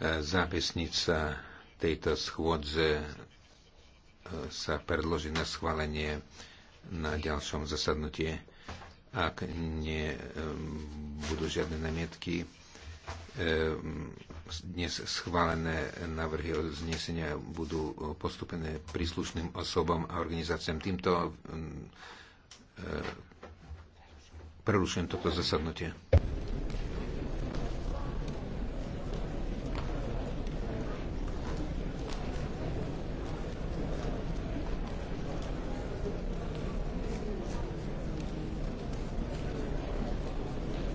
Zápisnica tejto schôdze e, sa predloží na schválenie na ďalšom zasadnutí. Ak nie e, budú žiadne namietky, e, dnes schválené návrhy o znesenia budú postupené príslušným osobom a organizáciám. Týmto prerušujem toto zasadnutie.